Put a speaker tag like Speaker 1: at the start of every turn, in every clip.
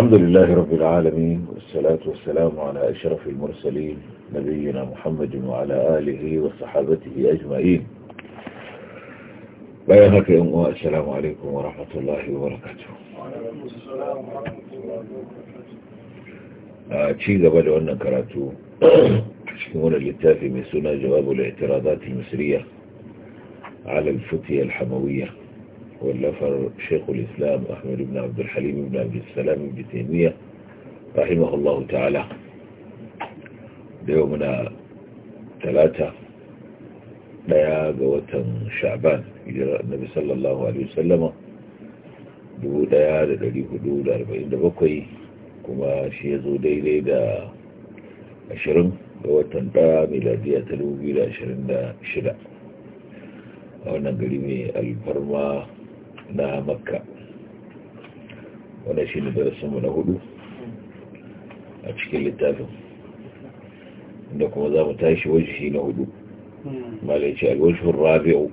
Speaker 1: الحمد لله رب العالمين والصلاة والسلام على أشرف المرسلين نبينا محمد وعلى آله وصحابته أجمعين بيانك يا أمه السلام عليكم ورحمة الله وبركاته
Speaker 2: وعليكم السلام ورحمة الله وبركاته
Speaker 1: شيء قبل أن كراتو شكونا للتافي من سنة جواب الاعتراضات المصرية على الفتية الحموية واللفر شيخ الإسلام أحمد بن عبد الحليم بن عبد السلام بن تيمية رحمه الله تعالى ليومنا ثلاثة daya ga watan sha'ban hijirar annabi sallallahu alaihi wasallama 1447 kuma shi ya daidai da 20 ga watan daya miladiya ta 2026 a wannan gari mai alfarma na makka wanda shi ne darasinmu na hudu a cikin littafin inda kuma za mu tashi shi na hudu malaici alwajihun rabi'u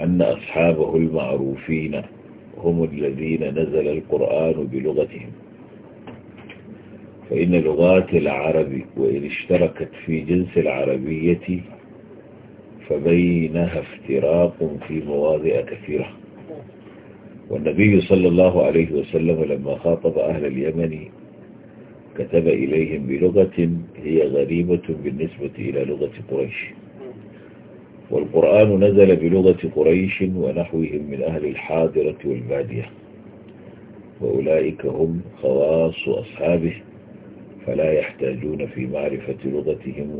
Speaker 1: أن أصحابه المعروفين هم الذين نزل القرآن بلغتهم فإن لغات العرب وإن اشتركت في جنس العربية فبينها افتراق في مواضع كثيرة والنبي صلى الله عليه وسلم لما خاطب أهل اليمن كتب إليهم بلغة هي غريبة بالنسبة إلى لغة قريش والقرآن نزل بلغة قريش ونحوهم من أهل الحاضرة والبادية وأولئك هم خواص أصحابه فلا يحتاجون في معرفة لغتهم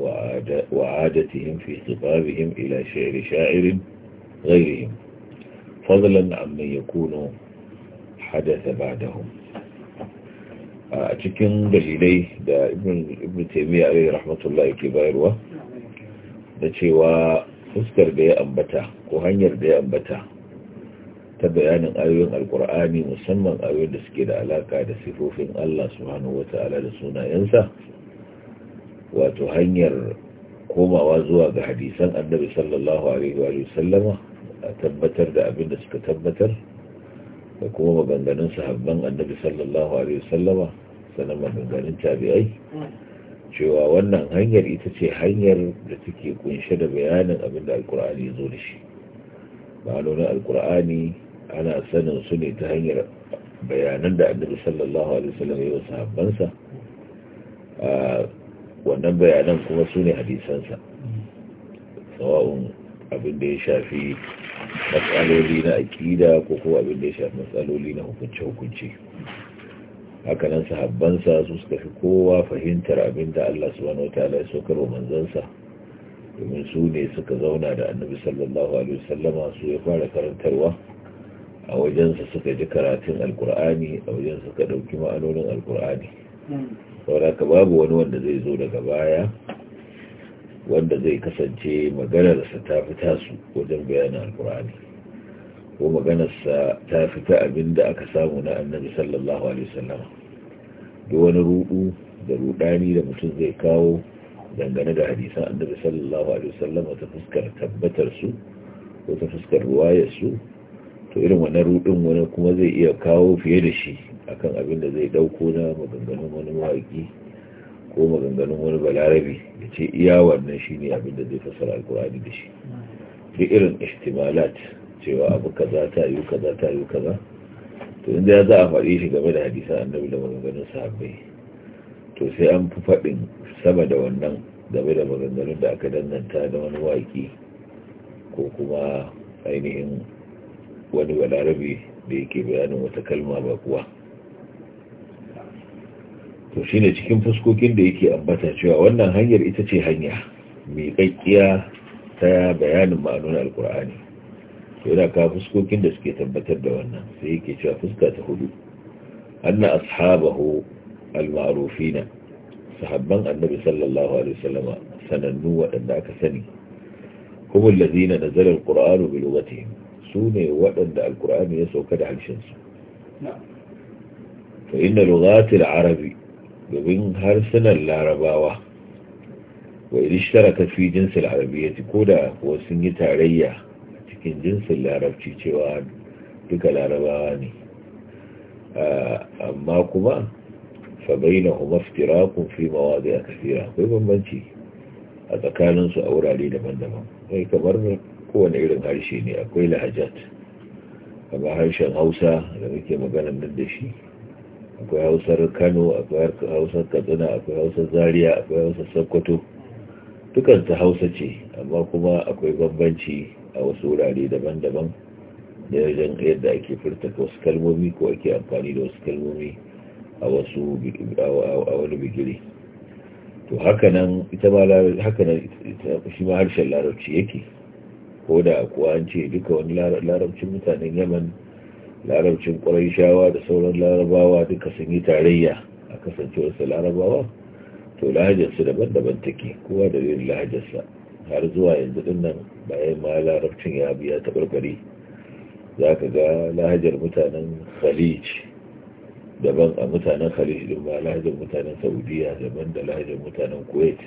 Speaker 1: وعادتهم في خطابهم إلى شعر شاعر غيرهم fadlan amman yakunu hadatha ba'dahum a cikin dalilai da ibn taymiya alayhi rahmatullahi ke bayarwa da cewa fuskar da ya ambata ko hanyar da ya ambata ta bayanin ayoyin alkur'ani musamman ayoyin da suke da alaka da sifofin Allah subhanahu wata'ala da sunayensa wato hanyar komawa zuwa ga hadisan annabi sallallahu alaihi wa sallama a tabbatar da abin da suka tabbatar da kuma maganganun sahabban annabi sallallahu alaihi wasallama sanan maganganun tabi'ai cewa wannan hanyar ita ce hanyar da take kunshe da bayanin abin da alkur'ani ya zo da shi ma'anonin alkur'ani ana sanin su ne ta hanyar bayanan da annabi sallallahu alaihi wasallam ya yi wa sahabbansa wannan bayanan kuma su ne hadisansa sawa'un abin da ya shafi matsaloli na akida ko kuma abin da ya shafi matsaloli na hukunce-hukunce hakanan sahabbansa su suka fi kowa fahimtar abin da Allah subhanahu wataala ya saukar wa manzansa domin su ne suka zauna da annabi sallallahu alaihi wasallama su ya fara karantarwa a wajensa suka ji karatun alkur'ani a wajen suka ɗauki ma'anonin alkur'ani hmm. saboda ka babu wani wanda zai zo daga baya wanda zai kasance maganarsa ta fita su wajen bayanin alkur'ani ko maganarsa ta fita abinda aka samu na annabi sallallahu alaihi wasallam da wani rudu da rudani da mutum zai kawo dangane da hadisan annabi sallallahu alaihi wasallam ta fuskar tabbatar su ko ta fuskar ruwayar su to irin wani rudin wani kuma zai iya kawo fiye da shi akan abin da zai dauko na maganganun wani mawaki ko maganganun wani balarabi da ce iya wannan shi ne abin da zai fasara alkur'ani da shi duk irin istimalat cewa abu za ta yi kaza ta yi kaza to inda ya za a faɗi shi game da hadisa annabi da maganganun sahabbai to sai an fi faɗin sama da wannan game da maganganun da aka danganta da wani waƙi ko kuma ainihin wani balarabi da yake bayanin wata kalma ba kuwa to shi ne cikin fuskokin da yake ambata cewa wannan hanyar ita ce hanya mai ƙaƙƙiya ta bayanin ma'anun alkur'ani to yana ka fuskokin da suke tabbatar da wannan sai yake cewa fuska ta hudu anna ashabahu almarufina sahabban annabi sallallahu alaihi wasallama sanannu waɗanda aka sani هم الذين نزل القرآن waɗanda alkur'ani ya sauka da harshensu To inna لغات العرب domin harsunan larabawa wa irishtara ta fi jinsin arabiyyati ko da kuwa sun yi tarayya cikin jinsin larabci cewa duka larabawa ne amma kuma fabaina kuma fitirakun fi zai a kafira akwai bambanci a tsakaninsu a wurare daban-daban Ai kamar kowane irin harshe ne akwai lahajat kamar harshen hausa da muke magana nan da shi akwai hausar kano akwai hausar katsina akwai hausar zaria akwai hausar sokoto dukkan ta hausa ce amma kuma akwai bambanci a wasu wurare daban-daban da yadda yadda ake furta wasu kalmomi ko ake amfani da wasu kalmomi a wasu a wani bigiri to hakanan ita ma hakanan shi ma harshen larabci yake ko da kuwa an ce duka wani larabcin mutanen yaman larabcin shawa da sauran larabawa duka sun yi tarayya a wasu larabawa to lahajarsu daban-daban take kowa da yin lahajarsa har zuwa yanzu ɗin nan bayan ma larabcin ya biya ta taɓarɓare za ka ga lahajar mutanen khalij daban a mutanen khalij ɗin ba lahajar mutanen saudiya daban da lahajar mutanen kuwait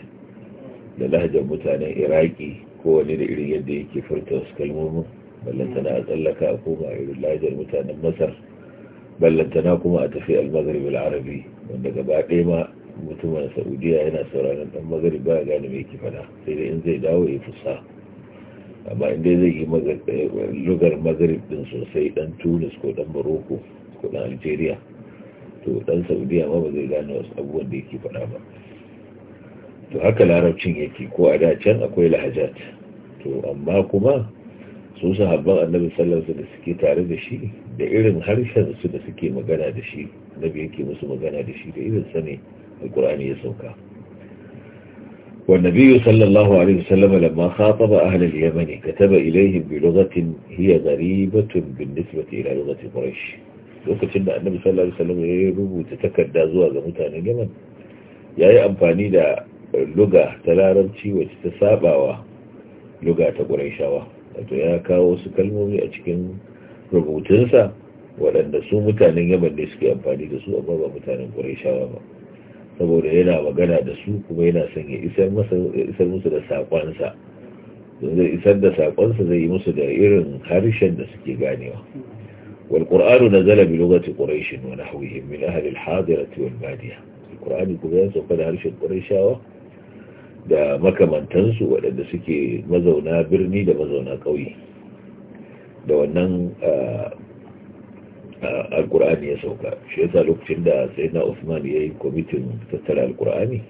Speaker 1: da lahajar mutanen iraki kowane da irin yadda yake furta wasu kalmomin ballantana a tsallaka a koma irin lajar mutanen masar ballantana kuma a tafi almagari arabi wanda gaba ɗaya ma mutumin saudiya yana sauraron dan magarib ba gane mai kifana sai dai in zai dawo ya fusa amma in dai zai yi eh, lugar magarib ɗin sosai dan tunis ko dan morocco ko ɗan algeria to dan saudiya ma ba zai gane wasu abubuwan da yake faɗa ba to haka larabcin yake ko a da can akwai lahajat to amma kuma su sahabban annabi sallallahu da suke tare da shi da irin harshen su da suke magana da shi annabi yake musu magana da shi da irin sa ne alqur'ani ya sauka والنبي صلى الله عليه وسلم لما خاطب أهل اليمن كتب إليهم بلغة هي غريبة بالنسبة إلى لغة قريش لوكتن النبي صلى الله عليه وسلم يربو تتكدى زواج متان اليمن يا يا أمفاني دا لغة تلارمشي وتتسابع لغة قريشة wato ya kawo wasu kalmomi a cikin rubutunsa waɗanda su mutanen yaman ne suke amfani da su amma ba mutanen ƙwarishawa ba saboda yana magana da su kuma yana son ya isar musu da saƙonsa don zai isar da saƙonsa zai yi musu da irin harshen da suke ganewa wal ƙur'anu na Zalabi lokacin quraish wani nahwihim min ahli al-hadirati wal ƙur'ani kuma ya sauka da harshen quraishawa da makamantansu waɗanda suke mazauna birni da mazauna ƙauye da wannan alkur'ani ya sauka shi yasa lokacin da sai na usman ya yi kwamitin tattara alkur'ani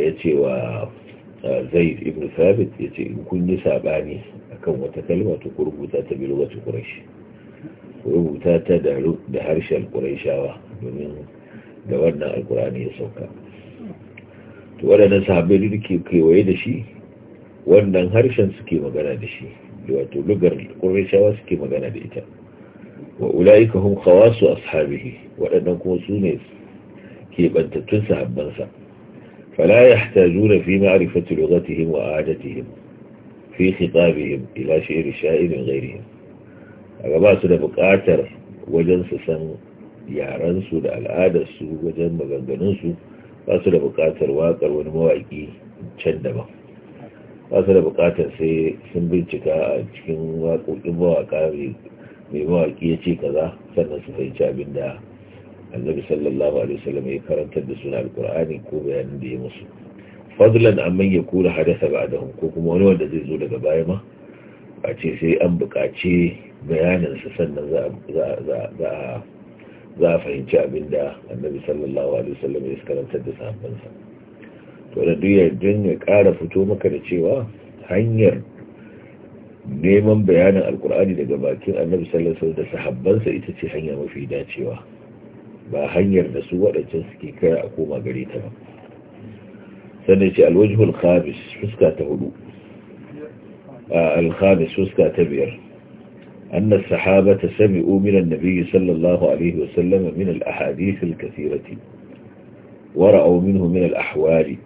Speaker 1: ya ce wa zaid ibn sabit ya ce in kun yi saɓani akan wata kalma ta rubuta ta bi lokaci ƙurashi rubuta ta da harshen ƙurashawa domin da wannan alkur'ani ya sauka to waɗannan sahabbai duk ke kewaye da shi wannan harshen suke magana da shi wato lugar ƙurrishawa suke magana da ita wa ula'ika su a ashabihi waɗannan kuma su ne keɓantattun sahabbansa fala yahtajuna fi ma'rifati lughatihim wa adatihim fi khitabihim ila shi'r sha'irin ghayrihim aga ba su da buƙatar wajen su san yaran da al'adarsu wajen maganganunsu. su ba su da bukatar waƙar wani mawaƙi can daban ba su da bukatar sai sun bincika a cikin waƙoƙin mawaƙa mai mawaƙi ya ce kaza sannan su fahimci abin da annabi sallallahu alaihi wasallam ya karanta da suna alkur'ani ko bayanin da ya musu fadlan amman ya kura hadasa da ko kuma wani wanda zai zo daga baya ma a ce sai an buƙaci bayanin sannan za a za a fahimci abin da annabi sallallahu alaihi wasallam ya karantar da sahabbansa to da duk yardin ya ƙara fito maka da cewa hanyar neman bayanin alkur'ani daga bakin annabi sallallahu alaihi wasallam da sahabbansa ita ce hanya mafi dacewa ba hanyar da su waɗancan suke kai a koma gare ta ba sannan ce alwajhul khamis fuska ta hudu al fuska ta biyar أن الصحابة سمعوا من النبي صلى الله عليه وسلم من الأحاديث الكثيرة ورأوا منه من الأحوال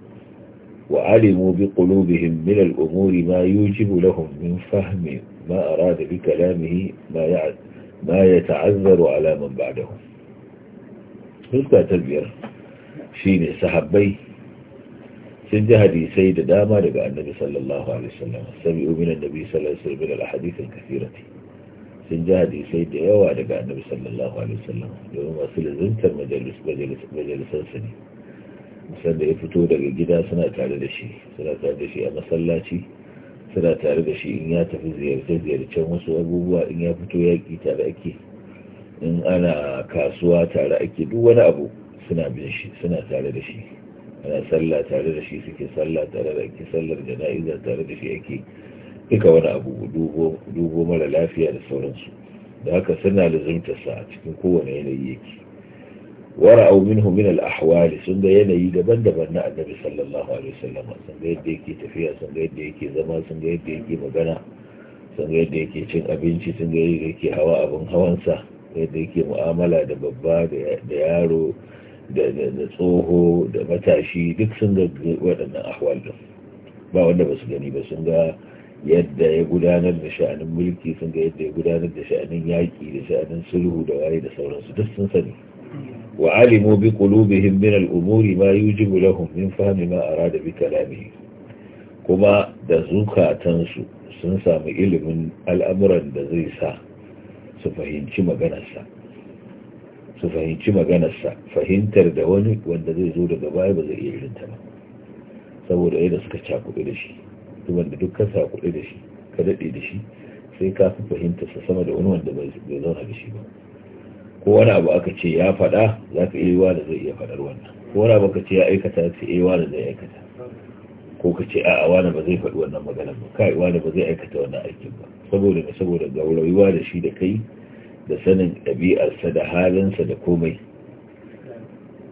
Speaker 1: وعلموا بقلوبهم من الأمور ما يوجب لهم من فهم ما أراد بكلامه ما, ما يتعذر على من بعدهم هل تتبير شيني سحبي sun ji hadisai da dama النبي صلى الله عليه وسلم سمعوا من النبي صلى الله عليه وسلم من الأحاديث الكثيرة sun ji hadisai da yawa daga annabi sallallahu alaihi wasallam domin masu lazuntar majalisarsa ne da ya fito daga gida suna tare da shi suna tare da shi a masallaci suna tare da shi in ya tafi ziyarce-ziyarcen wasu abubuwa in ya fito yaƙi tare ake in ana kasuwa tare ake duk wani abu suna bin shi suna tare da shi ana sallah tare da shi suke sallah tare da ake sallar jana'iza tare da shi ake duka wani abu dubo mara lafiya da sauransu da haka suna lazumtarsa a cikin kowane yanayi yake wara'au minhu min al-ahwali sun ga yanayi daban-daban na annabi sallallahu alaihi wasallam sun ga yadda yake tafiya sun ga yadda yake zama sun ga yadda yake magana sun ga yadda yake cin abinci sun ga yadda yake hawa abin hawansa yadda yake mu'amala da babba da yaro da tsoho da matashi duk sun ga waɗannan ahwal ba wanda ba su gani ba sun ga yadda ya gudanar da sha'anin mulki sun ga yadda ya gudanar da sha'anin yaƙi da sha'anin sulhu da waye da sauransu duk sun sani wa alimu bi qulubihim min al-umuri ma yujibu lahum min fahmi ma arada bi kalamihi kuma da zukatan su sun samu ilimin al'amuran da zai sa su fahimci maganarsa su fahimci sa fahimtar da wani wanda zai zo daga baya ba zai iya irinta ba saboda yadda suka cakuɗu da shi wanda da dukkan sa kuɗi da shi ka daɗe da shi sai ka fi fahimta sa sama da wani wanda bai zauna da shi ba ko wani abu aka ce ya faɗa za ka iya wa da zai iya faɗar wannan ko wani abu aka ce ya aikata sai iya da zai aikata ko ka ce a'a wani ba zai faɗi wannan maganar ba kai wani ba zai aikata wannan aikin ba saboda ne saboda gaurayuwa da shi da kai da sanin ɗabi'arsa da halinsa da komai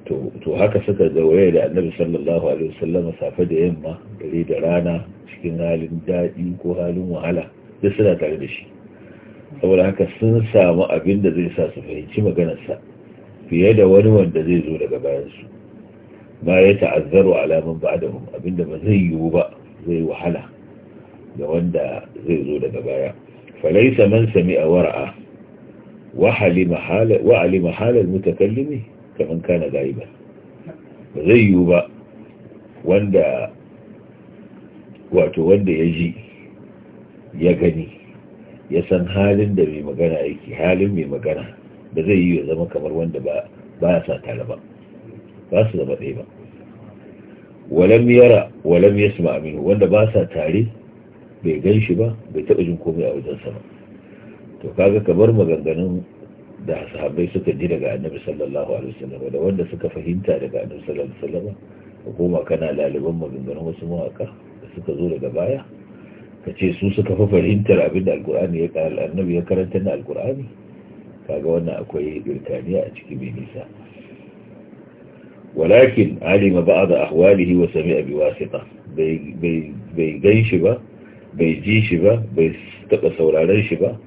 Speaker 1: to haka suka zaure da annabi sallallahu alaihi wasallam safe da yamma dare da rana cikin halin daɗi ko halin wahala duk suna tare da shi saboda haka sun samu abin da zai sa su fahimci maganarsa fiye da wani wanda zai zo daga bayansu ma ya ta'azzaru alamun ba da abin da ba zai yiwu ba zai wahala da wanda zai zo daga baya falaisa man sami a wara'a wa alima mutakallimi kaman kana gaiba ba zai yiwu ba wanda wato wanda ya ji ya gani ya san halin da mai magana yake halin mai magana ba zai yi ya zama kamar wanda ba ya sa tare ba ba su zama ɗaya ba walam yara walam ya aminu wanda ba sa tare bai gan shi ba bai taɓa jin komai a wajen sama to kaga kamar maganganun da sahabbai suka ji daga annabi sallallahu alaihi wasallam da wanda suka fahimta daga annabi sallallahu alaihi wasallam ka koma kana laliban maganganun wasu mawaka da suka zo daga baya ka ce su suka fi fahimtar abin da alkur'ani ya annabi ya karanta na alkur'ani kaga wannan akwai birkaniya a ciki mai nisa walakin alima ba'd ahwalihi wa sami bi wasita bai bai bai shi ba bai ji shi ba bai taba sauraron shi ba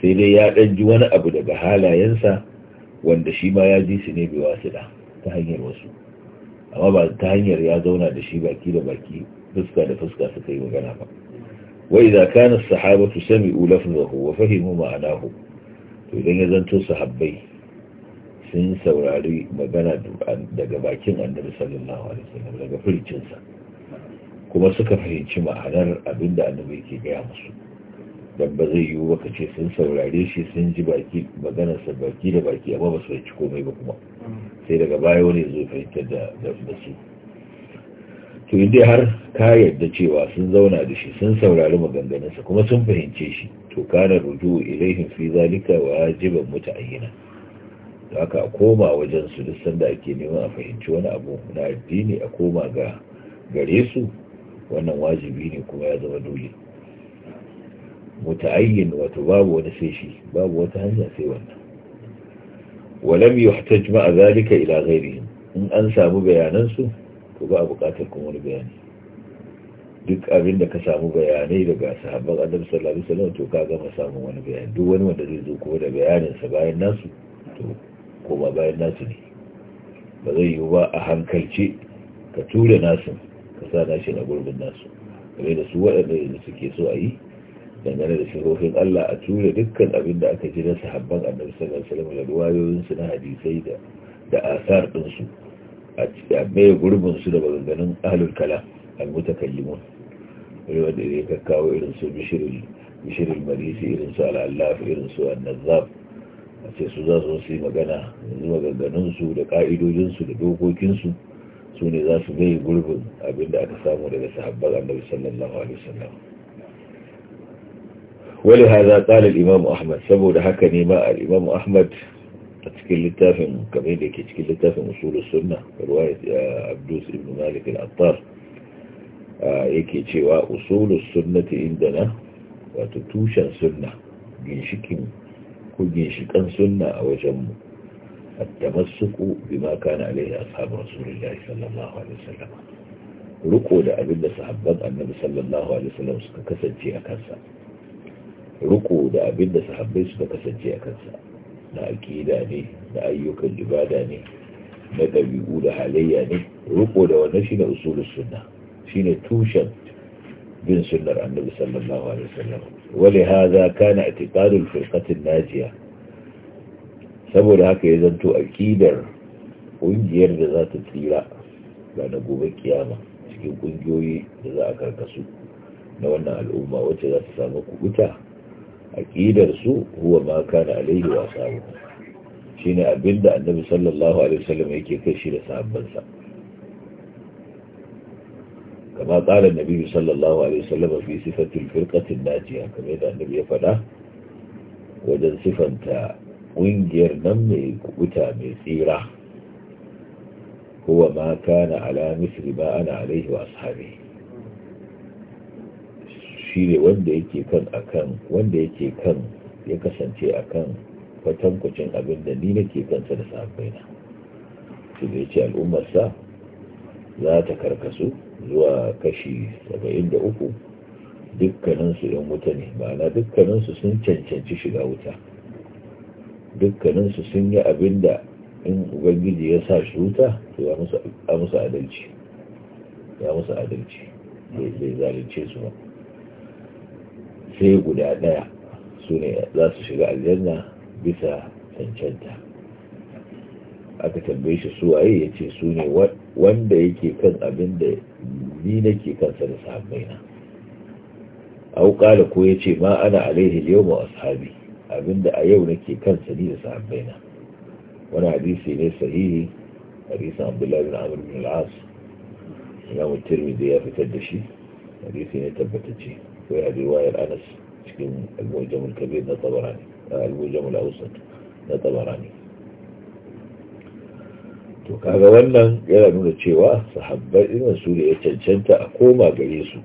Speaker 1: sai dai ya ɗan ji wani abu daga halayensa wanda shi ma ya ji su ne bai su da ta hanyar wasu amma ba ta hanyar ya zauna da shi baki da baki fuska da fuska suka yi magana ba wai za ka na sahaba su sami ulafin zahu wa fahimu ma'anahu to idan ya zanto sahabbai sun saurari magana daga bakin annabi sallallahu alaihi wasallam daga furcinsa kuma suka fahimci ma'anar abinda annabi yake gaya musu dan zai yiwu baka ce sun saurare shi sun ji baki maganarsa baki da baki amma ba su ci komai ba kuma sai daga baya wani zo fahimtar da da su to dai har ka yarda cewa sun zauna da shi sun saurari maganganunsa kuma sun fahimce shi to kana rudu ilaihim fi zalika wajiban muta'ayyana da haka a koma wajen su duk sanda ake neman a fahimci wani abu na addini a koma ga gare su wannan wajibi ne kuma ya zama dole متعين wato babu wani sai babu wata hanya sai wannan walam yuhtaj ma'a zalika ila ghairihim in an samu bayanan su to ba a bukatar kuma wani duk abin da ka samu bayanai daga sahabban adam sallallahu alaihi wasallam to ka gama samun wani bayani duk wani wanda zai zo ko da bayanin sa bayan nasu to ko ba bayan nasu ne ba zai yiwu ba a hankalce ka tura nasu ka sa nashi na gurbin nasu kamar da su waɗanda suke so a yi dangane da shirofin Allah a tura dukkan abin da aka ji na sahabban annabi sallallahu alaihi wasallam da ruwayoyinsu na hadisai da da asar ɗinsu a gurbin su da maganganun ahlul kalam al-mutakallimun wanda ya kawo irin su bishirul marisi irin su al'allaf irin su annazab a ce su za su yi magana yanzu maganganunsu da su da dokokinsu su ne za su mai gurbin abin da aka samu daga sahabban annabi sallallahu alaihi wasallam wani haza tsara imamu ahmad saboda haka ne ma al'imamu ahmad a cikin littafin kamar da ke cikin littafin usulun sunna ruwayar abdus ibn malik al-attar yake cewa usulun inda na, wato tushen sunna ginshikin ko ginshikan sunna a wajenmu التمسك بما كان عليه أصحاب رسول الله صلى abinda عليه وسلم رقوا لأبن صحبان النبي صلى الله عليه kasance a kansa. ruku da abin da sahabbai suka kasance a kansa na aƙida ne da ayyukan ibada ne na ɗabi'u da halayya ne ruku da wannan shine usulus sunna shine tushen bin sunnar annabi sallallahu alaihi wasallam wali hadha kana i'tiqadul firqatin najiya saboda haka ya zanto aqidar ƙungiyar da za ta tsira ba na gobe kiyama cikin ƙungiyoyi da za a karkasu na wannan al'umma wacce za ta samu kubuta aqidar su huwa ma kana alaihi wa sahabu shine abinda annabi sallallahu alaihi wasallam yake kai shi da sahabbansa kama qala annabi sallallahu alaihi wasallam fi sifati al najiya kamar da annabi ya faɗa wajen sifanta ƙungiyar nan mai kubuta mai tsira huwa ma kana ala misri ba ana alaihi wa ashabihi Shi wanda yake kan akan wanda yake kan ya kasance akan kwatankwacin abin da ni nake kansa da sahabbaina shi da yace al'ummar sa za ta karkasu zuwa kashi 73 dukkanin su yan wuta ne ma'ana dukkaninsu su sun cancanci shiga wuta dukkanin sun yi abin da in ubangiji ya sa shi wuta to ya musu adalci ya musu adalci bai zalunce su ba sai guda ɗaya su ne za su shiga aljanna bisa cancanta aka tambaye shi su waye ya ce su ne wanda yake kan abin da ni nake kansa da sahabbai na auka da ko ya ce ma ana alaihi yau ma ashabi da a yau nake kansa ni da sahabbai na wani hadisi ne sahihi hadisin abdullahi bin amr bin al-as mutum da ya fitar da shi hadisi ne tabbatacce akwai a riwayar anas cikin al-mujamul kabir na tabarani al-mujamul awsat na tabarani to kaga wannan yana nuna cewa sahabbai irin su ne ya cancanta a koma gare su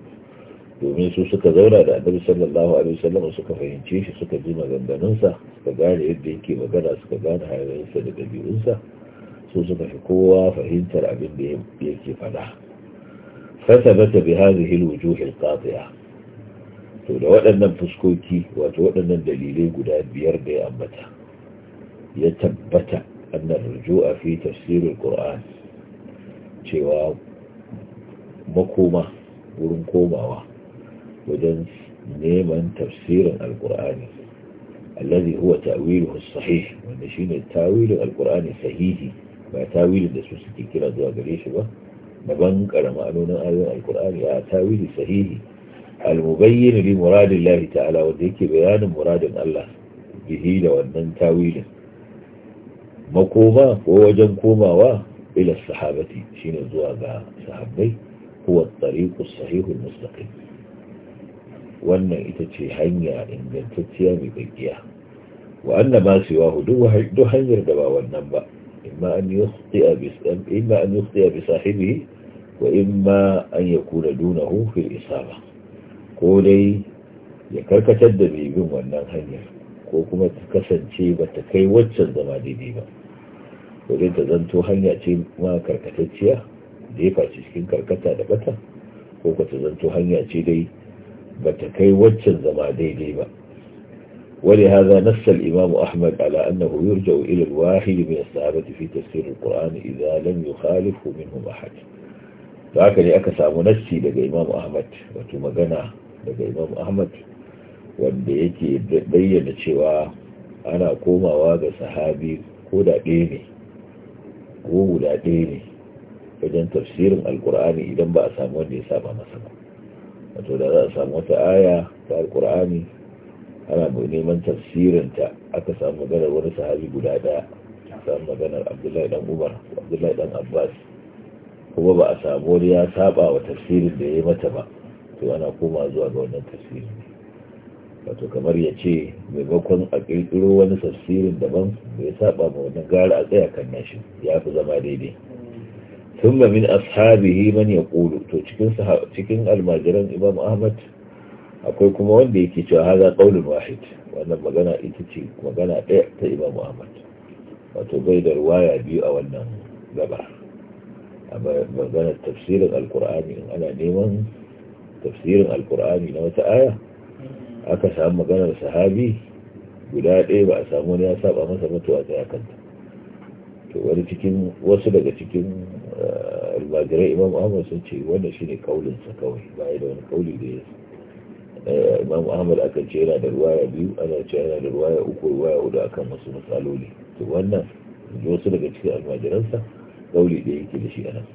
Speaker 1: domin su suka zauna da annabi sallallahu alaihi wasallam suka fahimce shi suka ji maganganunsa suka gane yadda yake magana suka gane hayansa da dabi'unsa su suka fi kowa fahimtar abin da yake fada fatabata bi hadhihi alwujuh alqati'ah to da waɗannan fuskoki wato waɗannan dalilai guda biyar da ya ambata ya tabbata annar rujua fi tafsirul qur'an cewa makoma wurin komawa wajen neman tafsirin alqur'ani alladhi huwa ta'wiluhu sahih wanda shine ta'wilin alkur'ani sahihi ba ta'wilin da su suke kira zuwa gare shi ba daban karama anonin ayoyin alqur'ani a ta'wili sahihi al-mubayyin muradin muradillahi ta'ala wanda yake bayanin muradin Allah bihi da wannan tawilin makoma ko wajen komawa ila sahabati shine zuwa ga sahabbai huwa tariqu sahihu mustaqim wannan ita ce hanya ingantacciya mai gaskiya wa anna ma siwahu duk hanyar da ba wannan ba imma an yukhti'a bi imma an yukhti'a bi sahibihi wa imma an yakuna dunahu fil isaba ko dai ya karkatar da mai wannan hanyar ko kuma ta kasance ba ta kai waccan zama daidai ba ko zanto hanya ce ma karkatacciya da ya faci cikin karkata da bata ko ka ta zanto hanya ce dai ba ta kai waccan zama daidai ba wani haza nasta imam ahmad ala annahu yurja ila wahid min as-sahabati fi tafsir al-quran idha lam yukhalifu minhum ahad to ne aka samu nasti daga imam ahmad wato magana daga imam ahmad wanda yake bayyana cewa ana komawa ga sahabi ko da ɗaya ne ko guda ɗaya ne wajen tafsirin alkur'ani idan ba a samu wanda ya saba masa ba wato da za a samu wata aya ta alkur'ani ana mai neman tafsirinta aka samu maganar wani sahabi guda ɗaya samu maganar abdullahi dan umar abdullahi dan abbas kuma ba a samu wani ya saba wa tafsirin da ya yi mata ba to ana koma zuwa ga wannan tafsiri wato kamar ya ce maimakon a ƙirƙiro wani tafsirin daban bai saba ma wannan gara a tsaya kan nashi ya fi zama daidai sun min ashabihi man ya ƙulu to cikin almajiran imam ahmad akwai kuma wanda yake cewa haza ƙaunin wahid wannan magana ita ce magana ɗaya ta imam ahmad wato bai da ruwaya biyu a wannan gaba a maganar tafsirin alkur'ani in ana neman tafsirin alkur'ani na wata aya aka samu maganar sahabi guda ɗaya ba a samu wani ya saba masa mutuwa ta kanta to wani cikin wasu daga cikin eh, almajirai imam ahmad sun ce wannan ne kaulinsa kawai baya da wani kauli da ya eh, imam ahmad aka ce yana da ruwaya biyu ana ce yana da ruwaya uku ruwaya hudu akan wasu matsaloli to wannan wasu daga cikin almajiransa kauli da yake da shi a nan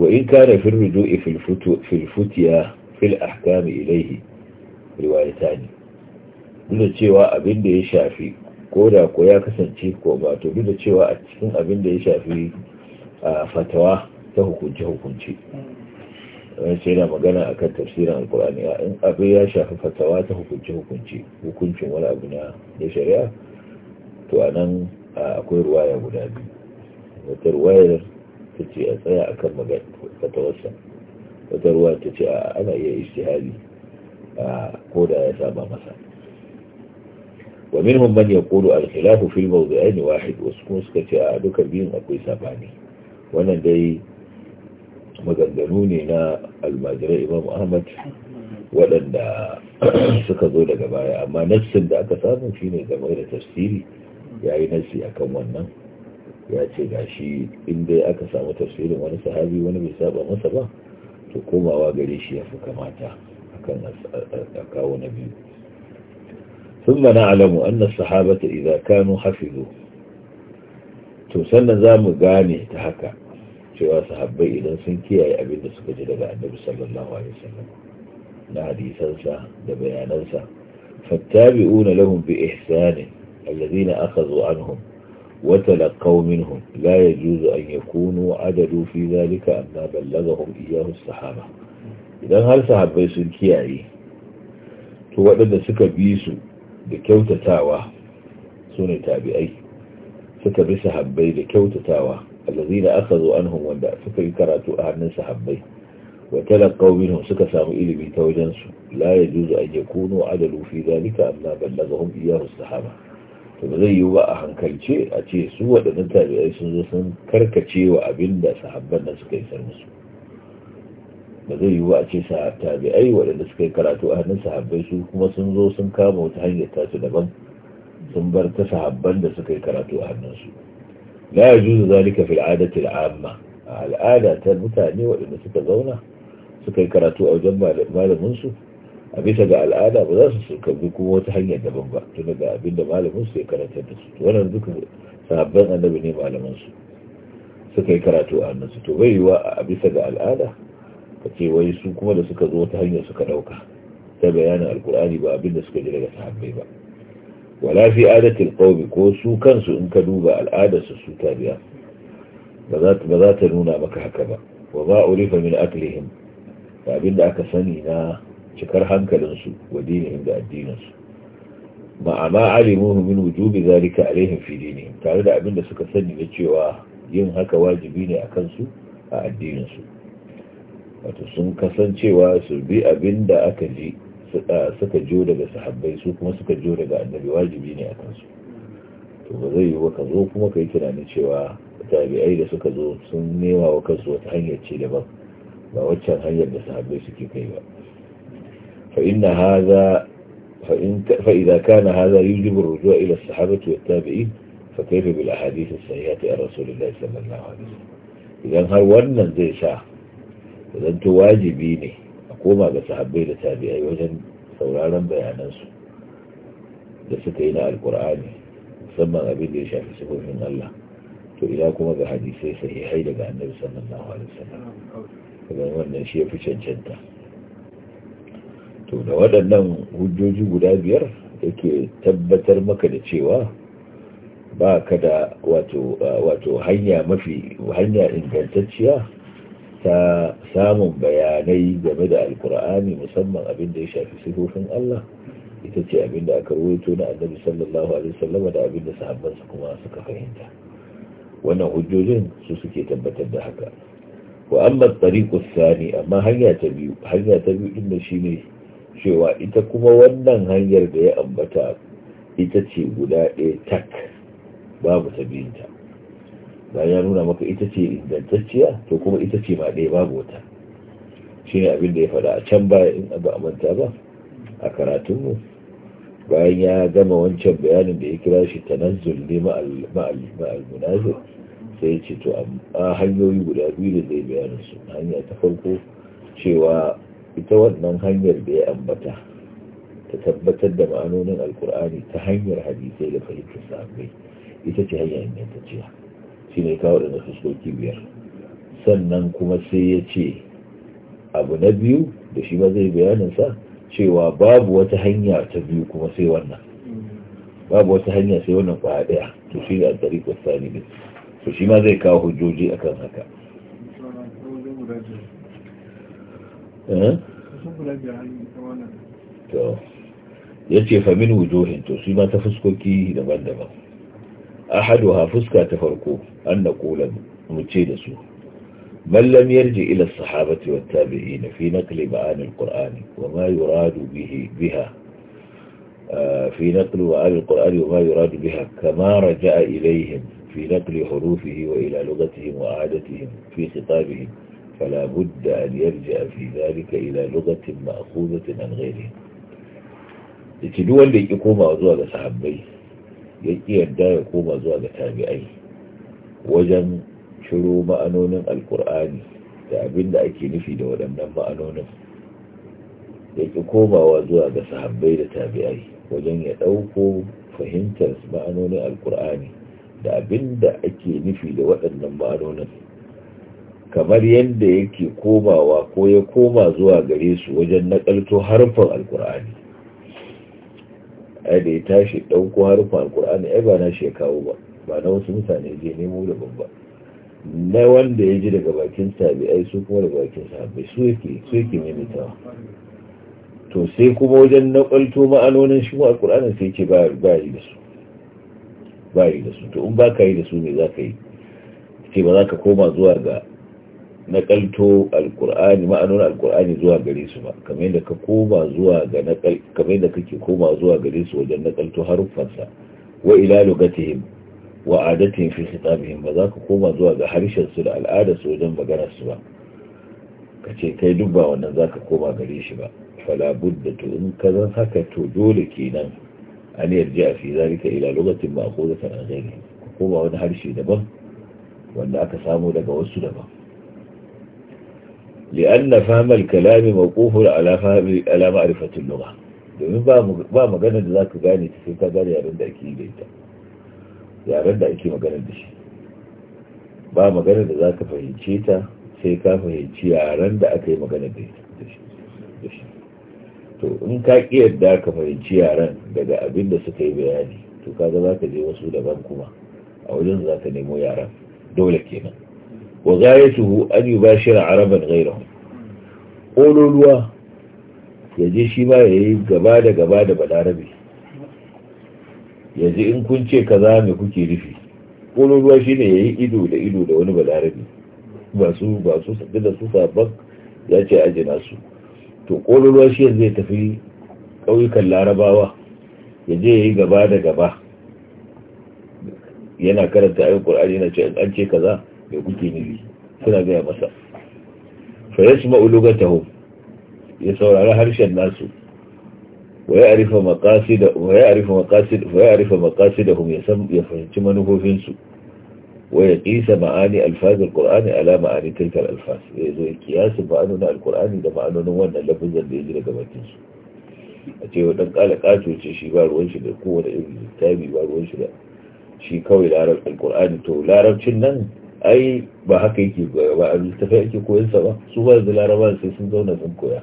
Speaker 1: وإن kare في الرجوع في, في الفتيا في الأحكام إليه cewa abin ya shafi ko da ko ya kasance ko ba to cewa a cikin abinda ya shafi fatawa ta hukunci hukunci wani yana magana akan kan tafsirin alkurani a in abin ya shafi fatawa ta hukunci hukunci hukuncin wani abu na shari'a to a nan akwai ruwaya guda biyu wata ruwayar ta ce a tsaya a kan fatawarsa wata ruwa ta ce ana iya ishtihari ko da ya saba masa wa minhum man yaqulu al-khilafu fil mawdi'ain wahid wasu kuma suka ce a duka biyun akwai sabani wannan dai maganganu ne na almajirai imam ahmad waɗanda suka zo daga baya amma nassin da aka samu shine game da tafsiri yayi nassi akan wannan ya ce gashi in dai aka samu tafsirin wani sahabi wani bai saba masa ba to komawa gare shi ya fi kamata kan a kawo na biyu ثم نعلم أن الصحابة to كانوا za mu gane ta haka cewa sahabbai idan sun kiyaye abin da suka ji daga annabi sallallahu alaihi wasallam na hadisansa da bayanansa fattabi'una lahum bi ihsanin aka akhadhu anhum وتلقوا منهم لا يجوز أن يكونوا عددوا في ذلك أما بلغهم إياه الصحابة إذا هل صحابي سنكيعي سكا بيسو بكوتة تاوى سنة تابعي سكبي صحابي لكوتة تاوى الذين أخذوا أنهم واندأ سكبي كراتوا سحب صحابي وتلقوا منهم سكسام إلي بتوجنسوا لا يجوز أن يكونوا عدلوا في ذلك أما بلغهم إياه الصحابة to ba zai yiwu ba a hankalce a ce su waɗannan tabi'ai sun zo sun karkace wa abin da sahabban nan suka isar musu ba zai yiwu a ce tabi'ai waɗanda suka yi karatu a hannun sahabbai su kuma sun zo sun kama wata hanyar tasu daban sun bar ta sahabban da suka yi karatu a hannunsu la ya juzu zalika fil adati al'amma al'ada ta mutane waɗanda suka zauna suka yi karatu a wajen malamin su a bisa ga al'ada ba za su kalli kuma wata hanyar daban ba tun da abinda da malamin su ya karantar da su wannan duka sahabban annabi ne malaman su suka yi karatu a su, to bai yiwa a bisa ga al'ada ka ce wai su kuma da suka zo wata hanyar suka dauka ta bayanin alkur'ani ba abinda suka ji daga sahabbai ba wala fi adatil qawmi ko su kansu in ka duba al'adar su su tabiya ba za ta ba za ta nuna maka haka ba wa ba urifa min aklihim da abinda da aka sani na cikar hankalinsu wa dinihim da addininsu ma amma alimuhu min wujubi zalika alaihim fi dinihim tare da abin da suka sani na cewa yin haka wajibi ne akan su a addininsu wato sun kasancewa su bi abin aka ji suka jo daga sahabbai su kuma suka jo daga annabi wajibi ne akan su to ba zai yiwu ka zo kuma ka yi tunanin cewa tabi'ai da suka zo sun nema wa kansu wata hanyar ce daban ba waccan hanyar da sahabbai suke kai ba فإن هذا فإن فإذا كان هذا يجب الرجوع إلى الصحابة والتابعين فكيف بالأحاديث السيئة عن رسول الله صلى الله عليه وسلم إذا هل ورنا ديشا إذا أنت واجبيني أقوم بسحبي لتابعي وجن بيع بيانا لست إلى القرآن ثم أبي ديشا في سبب من الله فإذا كما بحديثي صحيحي لك النبي صلى الله عليه وسلم فإذا نعم، ورنا شيء في شنشنته to da waɗannan hujjoji guda biyar da ke tabbatar maka da cewa ba ka da wato hanya mafi hanya ingantacciya ta samun bayanai game da alkur'ani musamman abin da ya shafi sifofin Allah ita ce abin da aka rawaito na annabi sallallahu alaihi wasallam da abin da sahabbansa kuma suka fahimta wannan hujjojin su suke tabbatar da haka wa amma sani amma hanya ta biyu hanya ta biyu din shine cewa ita kuma wannan hanyar da ya ambata ita ce guda ɗaya tak babu ta biyunta ba ya nuna maka ita ce ingantacciya to kuma ita ce ma ɗaya babu wata shi ne abin da ya faɗa a can baya in ba a manta ba a karatunmu bayan ya gama wancan bayanin da ya kira shi ta ne zulle ma'almunazir sai ce to a hanyoyi guda biyu da zai bayanin su hanya ta farko cewa ita wannan hanyar da ya ambata ta tabbatar da ma'anonin alkur'ani ta hanyar hadisai da fahimtar sahabbai ita ce hanya ingantacciya shi ne kawo da fuskoki biyar sannan kuma sai ya ce abu na biyu da shi ba zai sa cewa babu wata hanya ta biyu kuma sai wannan babu wata hanya sai wannan kwaya daya to shi ne a tsari kwastani ne to shi ma zai kawo hujjoji akan haka ya ce famin wujohin to shi ma ta fuskoki daban-daban ahaduha fuska ta farko من لم يرجع إلى الصحابة والتابعين في نقل معاني القرآن وما يراد به بها آه، في نقل معاني القرآن وما يراد بها كما رجع إليهم في نقل حروفه وإلى لغتهم وعادتهم في خطابهم فلا بد أن يرجع في ذلك إلى لغة مأخوذة عن غيره يتدول لي يقوم أزوى صحابي يتيدا يقوم أزوى تابعي وجن شروع مأنون القرآن تعبين لأكي نفي دولنا مأنون يقوم أزوى صحابي تابعي wajen ya ɗauko fahimtar ma'anonin alkur'ani da abin da ake nufi da waɗannan ma'anonin kamar yadda yake komawa ko ya koma zuwa gare su wajen nakalto harfin alkur'ani ai da ya tashi ɗauko harfin alkur'ani ai ba na shi ya kawo ba ba na wasu mutane je nemo da babba na wanda ya ji daga bakin ai su kuma daga bakin sabi su yake su yake maimaitawa to sai kuma wajen nakalto ma'anonin shi alkur'ani sai ce ba yi da su ba yi da su to in ba ka yi da su ne za ka yi ke ba za ka koma zuwa ga nakalto alkur'ani ma'anonin alkur'ani zuwa gare su ba kamar yadda ka koma zuwa ga nakal kamar yadda kake koma zuwa gare su wajen nakalto haruffansa wa ila lugatihim wa adatihim fi khitabihim ba za ka koma zuwa ga harshen su da al'adar su wajen maganarsu su ba ka ce kai duk ba wannan za ka koma gare shi ba fala budda to in ka zan haka to dole kenan an yarda a fi zalika ila lugatin ma'khudatan an ghairi ko ba wani harshe daban wanda aka samu daga wasu daban li'anna fahimar kalami mawqufun ala fahmi ala ma'rifatil lugha domin ba maganar da zaka gane ta sai ka gane yaren da ake yi da ita yaren da ake maganar da shi ba maganar da zaka fahimce ta sai ka fahimci yaren da aka yi maganar da shi to in ka yadda ka fahimci yaren daga abin da suka yi bayani to kaga za ka je wasu daban kuma a wajen za ka nemo yaren dole kenan wa gayatuhu an yubashira araban ghayrahu ololuwa ya je shi ma ya yi gaba da gaba da balarabe Yaje in kun ce kaza me kuke rufi ololuwa shi ne ya yi ido da ido da wani balarabe ba su ba su da su sabon ya ce ajina nasu. to kololuwa shi zai tafi ƙauyukan larabawa ya je ya yi gaba da gaba yana karanta ayin ƙul'ani na ce an ce kaza ya ni bi suna gaya masa fa ya suma ulugatahu ya saurari harshen nasu wa ya arifa makasi da hum ya fahimci manufofinsu wa ya ƙisa ma'ani alfazin ƙur'ani ala ma'ani tilkar alfaz ya zo ya kiyasin ma'anonin alƙur'ani da ma'anonin wannan lafizan da ya ji daga bakinsu a ce wa ɗan ƙala ƙatoci shi ba ruwan shi da kowane irin littafi ba ruwan shi da shi kawai larabcin ƙur'ani to larabcin nan ai ba haka yake ba a littafi ake sa ba su ba da laraba sai sun zauna sun koya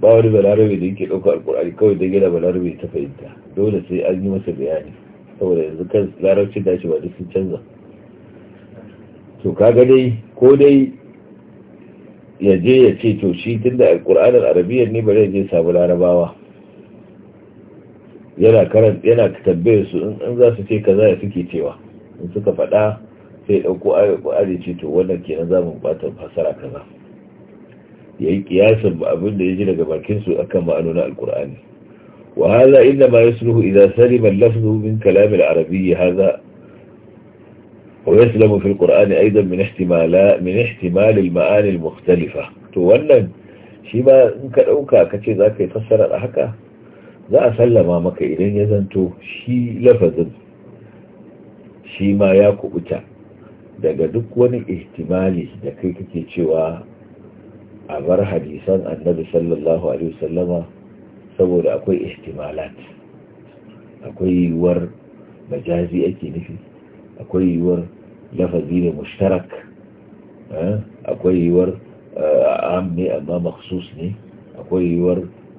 Speaker 1: ba wani balarabe da yake ɗauka alkur'ani kawai da gina balarabe ta fahimta dole sai an yi masa bayani saboda yanzu kan larabcin da shi ba duk sun canza to kaga dai ko dai ya je ya ce to shi tunda alkur'anin arabiyyar ne ba ya je samu larabawa yana karanta yana tambayar su in za su ce kaza ya suke cewa in suka faɗa sai ɗauko ayar ce to wannan kenan za mu buƙatar fasara kaza ya yi ƙiyasin abin da ya ji daga bakinsu akan na alkur'ani wa haza inda ma yasluhu idza salima lafzu min kalam al-arabi haza wa yaslamu fi al aizan min ihtimala ma'anin mukhtalifa to wannan shi ba in ka ce za zaka yi fassara da haka za a sallama maka idan ya zanto shi lafazin shi ma ya kubuta daga duk wani ihtimali da kai kake cewa a bar hadisan annabi sallallahu alaihi wasallama saboda akwai ihtimalat akwai yiwuwar majazi ake nufi akwai yiwuwar lafazi da mushtarak eh, akwai yiwuwar eh, am ne amma maksus ne akwai yiwuwar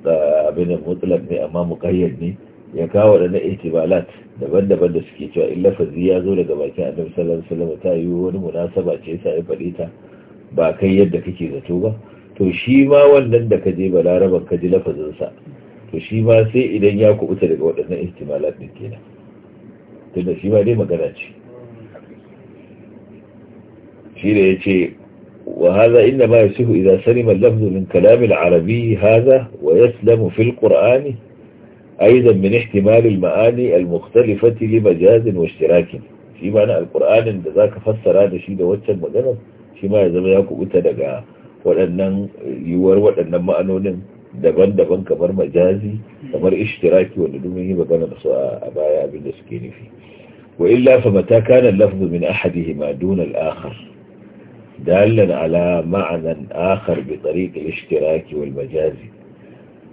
Speaker 1: eh, abin da mutlak ne amma muƙayyad ne ya kawo da na ihtimalat daban-daban da suke cewa in lafazi ya zo daga bakin annabi sallallahu alaihi wasallam ta yi wani munasaba ce yasa ya faɗe ta ba kai yadda kake zato ba to shi ma wannan da kaje je balaraban ka ji lafazin sa to shi ma sai idan ya kubuta daga waɗannan ihtimalat din kenan tunda shi ma dai magana ce shi da yace وهذا إنما يصح إذا سلم اللفظ من كلام العربي هذا ويسلم في القرآن أيضا من احتمال المعاني المختلفة لمجاز واشتراك shi ma na alkur'anin da za ka fassara da shi da waccan maganar shi ma ya zama ya kubuta daga waɗannan yiwuwar waɗannan ma'anonin daban-daban kamar majazi kamar ishtiraki wanda domin yi magana a baya abinda suke nufi wa illa fa mata kana lafzu min ahadihima duna al-akhar dalan ala ma'anan akhar bi tariq ishtiraki wal majazi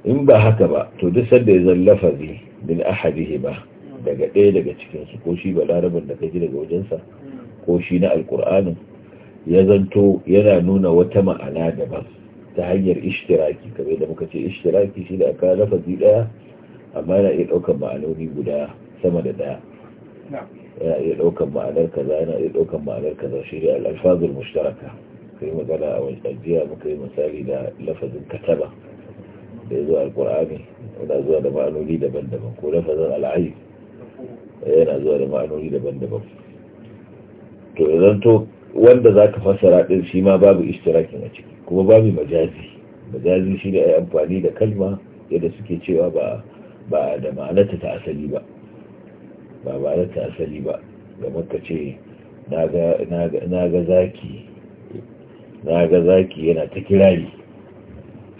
Speaker 1: in ba haka ba to duk sanda ya zan lafazi min ahadihi ba daga ɗaya daga cikinsu ko shi balarabin da ka ji daga wajensa ko shi na alkur'anin ya zanto yana nuna wata ma'ana daban ta hanyar ishtiraki kamar da muka ce ishtiraki shi da aka lafazi ɗaya amma yana iya ɗaukar ma'anoni guda sama da ɗaya yana iya ɗaukar ma'anar kaza yana iya ɗaukar ma'anar kaza shi ne alfazul mushtaraka kai magana a wajen ajiya muka yi misali da lafazin kataba da zuwa alkur'ani yana zuwa da ma'anoni daban-daban ko fazan al'ayi eh, yana zuwa da ma'anoni daban-daban to idan to wanda za ka fassara ɗin shi ma babu ishtirakin a ciki kuma babu majazi majazi shi ne a amfani da kalma yadda suke cewa ba ba da ma'anarta ta asali ba ba ma'anarta asali ba da maka ce na ga zaki yana ta kirari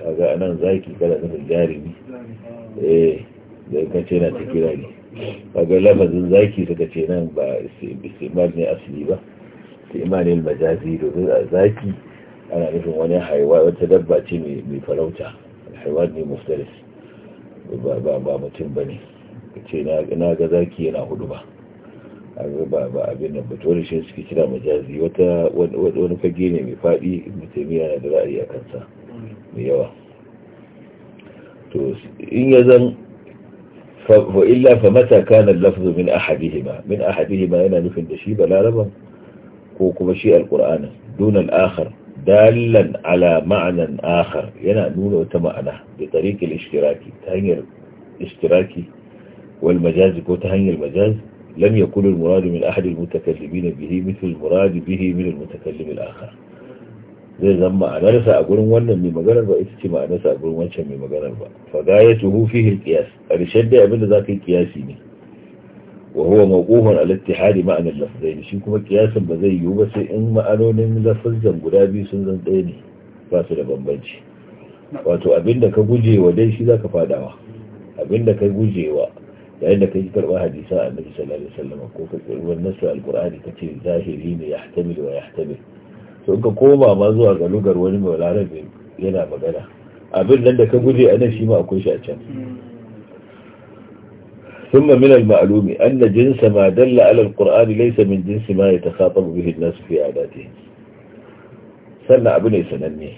Speaker 1: kaga nan zaki kada jari jarumi eh da kace na ta kira kaga lafazin zaki suka ce nan ba istimar ne asali ba istimar ne majazi domin a zaki ana nufin wani haiwa wata dabba ce mai farauta haiwa ne mustaris ba mutum ba ne bane kace na ga zaki yana hudu ba ba ba abin da ba tori shi suke kira majazi wata wani fage ne mai faɗi mutum yana da ra'ayi a kansa mai yawa to in ya zan fa illa fa mata kana lafzu min ahadihima min ahadihima yana nufin da shi balaraban ko kuma shi alqur'ana dun al-akhar dalan ala ma'anan akhar yana nuna wata ma'ana da tariqil ishtiraki ta hanyar ishtiraki wal majaz ko ta hanyar majaz lam yakun al-murad min ahad al-mutakallimin bihi mithl al-murad bihi min al-mutakallim al-akhar zai zan ma'anarsa a gurin wannan mai maganar ba ita ce ma'anarsa a gurin wancan mai maganar ba fa gayatu hu fihi qiyas da dai abinda zaka yi kiyasi ne wa huwa mawqufun ala ittihadi ma'an al-lafzayn shi kuma kiyasin ba zai yiwu ba sai in ma'anonin lafazan guda biyu sun zan ɗaya ne ba su da bambanci wato abinda ka gujewa dai shi zaka fadawa abinda ka gujewa yayin da kai karɓar hadisa annabi sallallahu alaihi wasallam ko ka karɓi nasu al alqur'ani kace zahiri ne yahtamil wa yahtamil to ka koma ma zuwa ga lugar wani mai larabe yana magana abin nan da ka guje a nan shi ma akwai shi a can ثم من المعلوم أن جنس ما دل على القرآن ليس من جنس ما يتخاطب به الناس في عاداتهم sannan abu ne sananne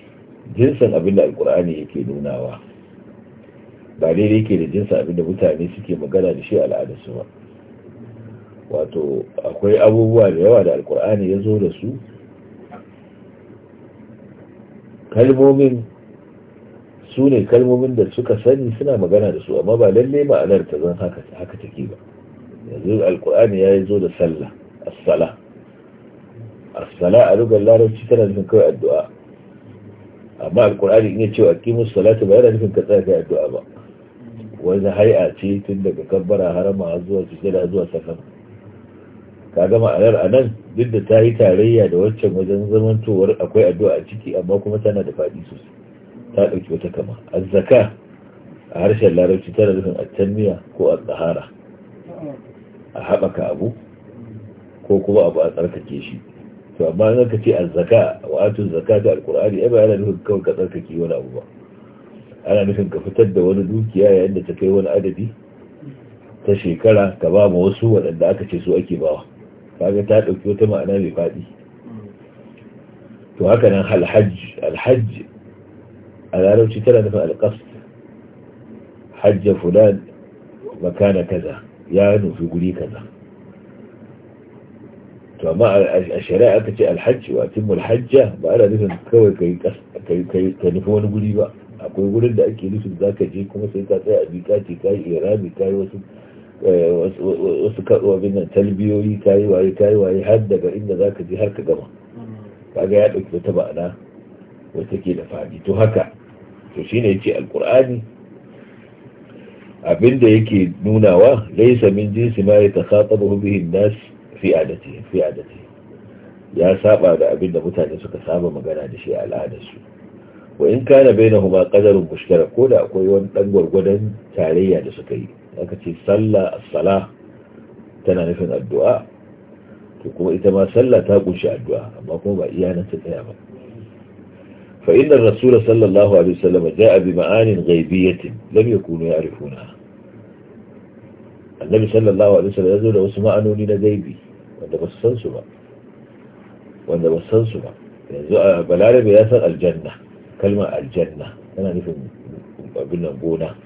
Speaker 1: jinsin abin da alkur'ani yake nunawa ba daidai yake da jinsin abin da mutane suke magana da shi al'adarsu ba wato akwai abubuwa da yawa da Alƙur'ani ya zo da su kalmomin su ne kalmomin da suka sani suna magana da su amma ba lalle ma'anar ta zan haka take ba yanzu alkur'ani ya zo da sallah as-sala a rugar larabci tana nufin kawai addu'a amma alkur'ani in ya ce aqimus salatu ba yana nufin ka tsaya kai addu'a ba wani hai'a ce tun daga kabbara harama zuwa sujada zuwa sallama ka ma'anar a nan duk da ta yi tarayya da waccan wajen zamantowar akwai addu'a a ciki amma kuma tana da faɗi sosai ta ɗauki wata kama A zaka, a harshen larabci tana nufin attanmiya ko tsahara a haɓaka abu ko kuma abu a tsarkake shi to amma in ka ce a zaka wa zaka ta alqur'ani ai ba yana nufin kawai ka tsarkake wani abu ba ana nufin ka fitar da wani dukiya yayin da ta kai wani adadi ta shekara ka ba ma wasu waɗanda aka ce su ake bawa kaga ta ɗauki wata ma'ana mai faɗi to haka nan alhajj alhajj a larabci tana nufin alƙas hajja fulan makana kaza ya nufi guri kaza to amma a shari'a aka ce alhajj wa atimul hajja ba ana nufin kawai ka nufi wani guri ba akwai gurin da ake nufin zaka je kuma sai ka tsaya a miƙati ka yi irami ka yi wasu wasu karuwa binan talbiyoyi kayi waye kayi waye har daga inda za ka ji har ka gama kaga ya ɗauki wata ba'ana wata ke da fadi to haka to shi shine yace abin abinda yake nunawa laisa min jinsi ma ya yatakhatabu bihi nas fi adati fi adati ya saɓa da abinda mutane suka saba magana da shi a al'adarsu wa in kana bainahuma qadarun mushtarak ko da akwai wani ɗan gwargwadon tarayya da suka yi aka ce sallah tana nufin addu'a to kuma ita ma sallah ta kunshi addu'a amma kuma ba iya nan ta tsaya ba fa da rasul sallallahu alaihi wasallam jaa bi ma'anin ghaibiyatin lam ya rufuna. annabi sallallahu alaihi wasallam ya zo da wasu ma'anoni na gaibi wanda ba su san su ba wanda ba su san su ba yanzu a balarabe ya san aljanna kalmar aljanna tana nufin abin nan gona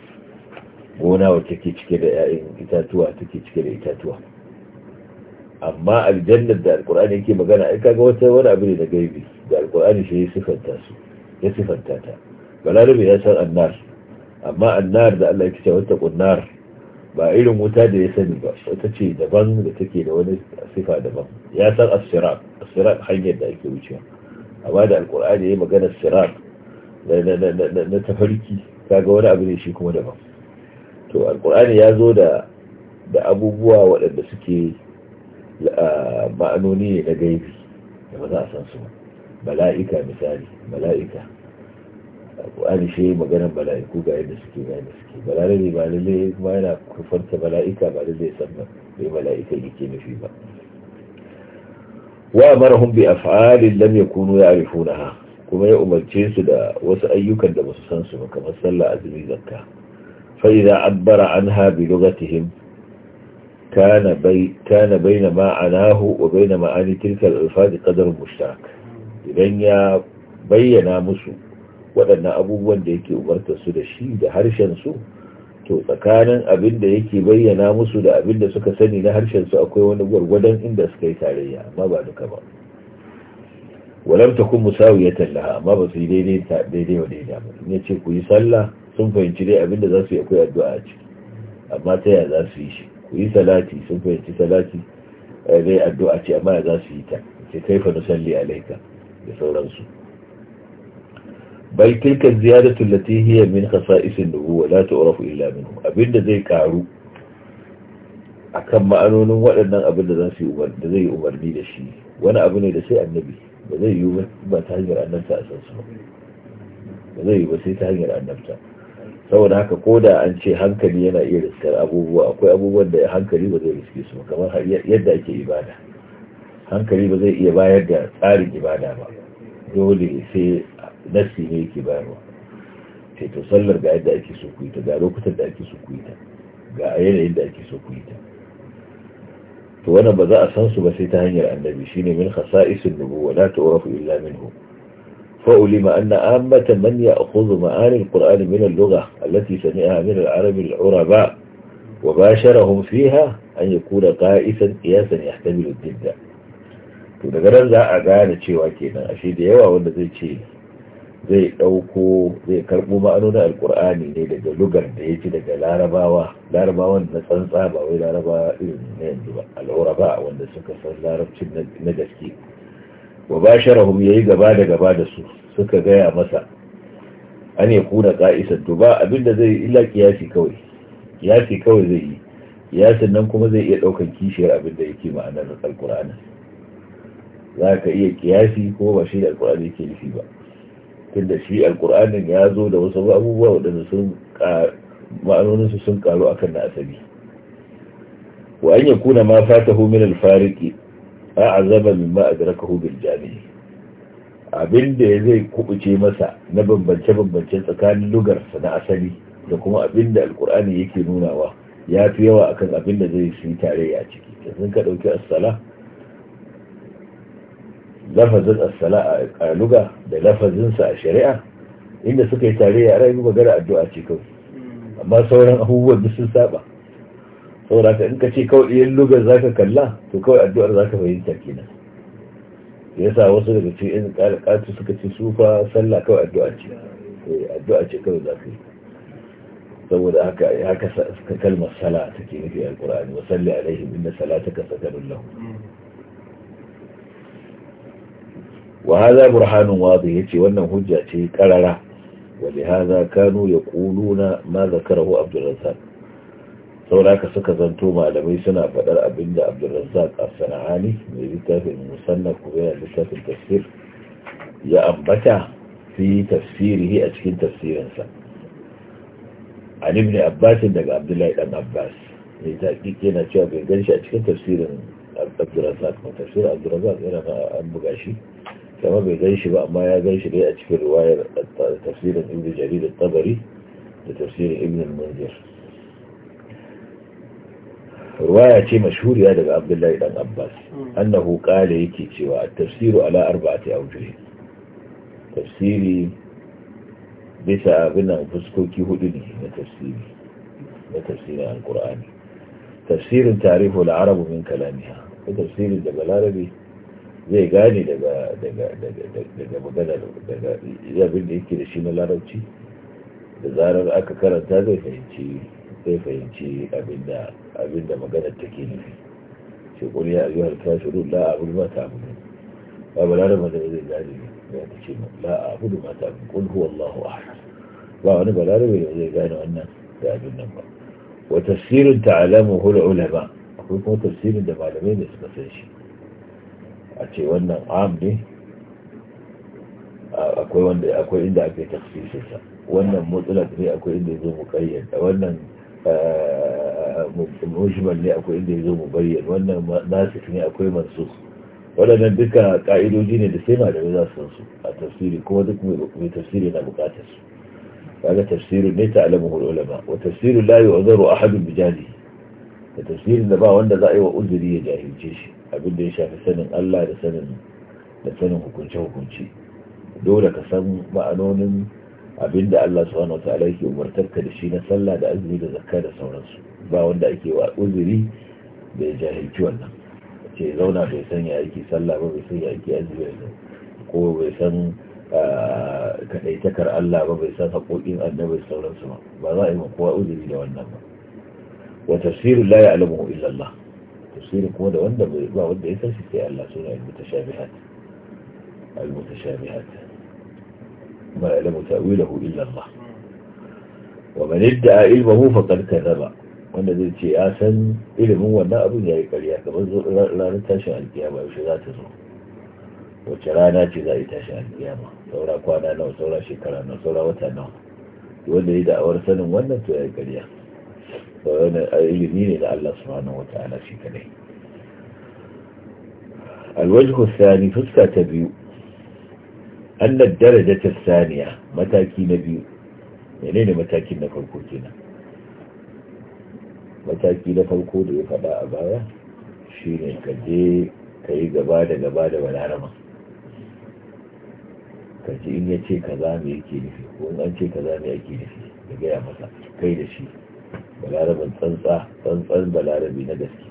Speaker 1: gona wacce ke cike da 'ya'yan itatuwa take cike da itatuwa amma aljannar da alkur'ani yake magana ai kaga wata wani abu ne da gaibi da alkur'ani shi ya sifanta su ya sifanta ta balarabe ya san annar amma annar da Allah ya ce wata kunnar ba irin wuta da ya sani ba wata ce daban da take da wani sifa daban ya san as-sirat hanyar da ake wucewa amma da alkur'ani ya magana sirat na tafarki kaga wani abu ne shi kuma daban to alkur'ani ya zo da da abubuwa waɗanda suke ma'anoni ne na gaibi da ba za a san su mala'ika misali mala'ika alkur'ani shi maganar mala'iku ga yadda suke ga yadda suke balarabe ba lalle kuma yana kufarta mala'ika ba lalle san ba bai mala'ika yake nufi ba wa marahum bi af'alin lam yakunu ya'rifunaha kuma ya umarce su da wasu ayyukan da ba su san su ba kamar sallah azumi zakka فإذا عبر عنها بلغتهم كان, بي كان بين ما عناه وبين معاني تلك الألفاظ قدر مشترك إذن يا بينا مسو وأن أبوان da أمرت السلشي لهرشا سو to tsakanin abin da yake bayyana musu da abin da suka sani na harshen su akwai wani gwargwadon inda suka yi tarayya amma ba duka ba walam takun musawiyatan laha amma ba su yi daidai daidai wa daidai ba in ce ku yi sallah sun fahimci dai abinda za su yi akwai addu'a ce, amma ta yaya za su yi shi ku yi salati sun fahimci salati eh, dai addu'a ce amma ya za su yi ta ce na salli alaika da sauransu bai tilka ziyadatu lati hiya min khasa'isin nubuwa la tu'rafu illa minhu abinda zai karu akan ma'anonin waɗannan abin da za yi zai yi umarni da shi wani abu ne da sai annabi ba zai yi ba ta hanyar annabta a ba zai yi ba sai ta hanyar annabta saboda haka ko da an ce hankali yana iya riskar abubuwa akwai abubuwan da hankali ba zai riske su kamar yadda ake ibada hankali ba zai iya bayar da tsarin ibada ba dole sai nassi ne yake bayarwa sai to sallar ga yadda ake so ku ta ga lokutan da ake so ku ta ga yanayin da ake so ku ta to wannan ba za a san su ba sai ta hanyar annabi shine min khasa'isun nubuwa la ta'rafu illa minhu فألم أن عامة من يأخذ معاني القرآن من اللغة التي سمعها من العرب العرباء وباشرهم فيها أن يكون قائسا قياسا يحتمل الجدة to daga nan za a gane cewa kenan ashe da yawa wanda zai ce zai ɗauko zai karɓo ma'anonin alkur'ani ne daga lugar da ya ci daga larabawa larabawan na tsantsa ba wai Larabawa irin na yanzu ba al'ura wanda suka san larabcin na gaske wa basharahum yayi gaba da gaba da su suka gaya masa an ya kuna ka'isar to ba abinda zai illa kiyasi kawai kiyasi kawai zai yi kiyasin nan kuma zai iya daukan kishiyar abinda yake ma'anar alqur'ani za ka iya kiyasi ko ba shi alqur'ani yake nufi ba tunda shi alqur'ani ya zo da wasu abubuwa waɗanda sun ma'anoninsu sun karo akan na asali wa an ya kuna ma fatahu min al-fariqi a'azaba mimma adrakahu bil jami'i abinda zai kubuce masa na bambance bambance tsakanin lugarsa na asali da kuma abinda alqur'ani yake nunawa ya fi yawa akan abinda zai su yi tare a ciki sun ka dauki as-sala lafazin as-sala a luga da lafazinsa a shari'a inda suka yi tarayya rai magana addu'a ce kawai amma sauran abubuwan da sun saba saboda in ka ce kawai ɗayan lugar za ka kalla to kawai addu'ar za ka fahimta kenan sa wasu daga cikin yan ƙaƙatu suka ce su fa sallah kawai addu'a ce eh, addu'a ce kawai za ka yi saboda haka haka suka kalma sala take nufi alqur'ani wa salli alaihim inna ka sakanun lahum wa hadha burhanun wadih yace wannan hujja ce karara wa li hadha kanu yaquluna ma zakarahu abdurrazzaq sauraka suka zanto malamai suna faɗar abin da abdulrazzaq a sana'ani mai littafin musannan kuma yana littafin tafsir ya ambata fi tafsirihi a cikin tafsirinsa an ibn abbas daga abdullahi dan abbas mai taƙiƙi yana cewa bai gan shi a cikin tafsirin abdulrazzaq ma tafsir abdulrazzaq yana na an buga shi kama bai gan shi ba amma ya gan shi dai a cikin riwayar tafsirin ibn jarir tabari da tafsirin ibn munzir ruwaya ce mashhuriya daga abdullahi dan abbas annahu qala yake cewa tafsiru ala arba'ati awjuh tafsiri bisa abinan fuskoki hudu ne na tafsiri na tafsirin alkur'ani tafsirin tarihu al'arabu min kalamiha ko tafsirin daga balarabe zai gane daga daga daga daga daga daga abin da yake da shi na larabci da zarar aka karanta zai fahimci zai fahimci abinda maganar take nufi ce kuri ya ayyuhal kafirun la mata ma ta'budu ba balarabe da zai gane ya ta ce la abudu ma ta'budu qul huwallahu ahad ba wani balarabe da zai gane wannan da abin nan ba wa tafsirin ta'lamuhu ulama akwai kuma tafsirin da malamai ne suka san shi a ce wannan am ne akwai wanda akwai inda ake tafsirin sa wannan mutlaq ne akwai inda zai muqayyad wannan mujmal ne akwai inda ya zo mu bayyana wannan nasik ne akwai mansukh waɗannan duka ƙa'idoji ne da sai da za su su a tafsiri kuma duk mai tafsiri na bukatar su kaga tafsirin ne ta alamu ulama wa tafsirin la yu'zaru ahadun bi da tafsirin da ba wanda za a yi wa uzuri ya jahilce shi abin da ya shafi sanin Allah da sanin da sanin hukunce hukunci dole ka san ma'anonin Abin da Allah subhanahu wa ta'ala yake umartarka da shi na sallah da azumi da zakka da sauransu ba wanda ake wa uzuri da ya jahilci wannan ce zauna bai san ya yake sallah ba bai san ya yake azumi ba ko bai san ah, kadaitakar Allah ba bai san haƙoƙin annabi da sauransu ba ba za a yi ma kowa uzuri da wannan ba wa tafsirul la ya'lamuhu illa Allah tafsirin kuma da wanda ba wanda ya san shi sai Allah suna al-mutashabihat al-mutashabihat ما يعلم تأويله إلا الله ومن ادعى علمه فقد كذب wanda zai ce ya san ilimin wannan abin ya yi karya kamar ranar tashin alkiyama yaushe za ta zo wacce rana ce za a yi tashin alkiyama saura kwana nawa saura shekara nawa saura wata nawa wanda ya da'awar sanin wannan to ya yi karya ba wani ilimi ne da Allah subhanahu wa ta'ala shi kadai alwajhu thani fuska ta biyu annar daraja ta saniya mataki na biyu Menene matakin na farko kenan mataki na farko da ya faɗa a baya shine kaje ka gaba da gaba da balarama ka in yace ce ka yake nufi ko in an ce ka za yake nufi da gaya masa kai da shi balaraban tsantsa tsantsan balarabi na gaske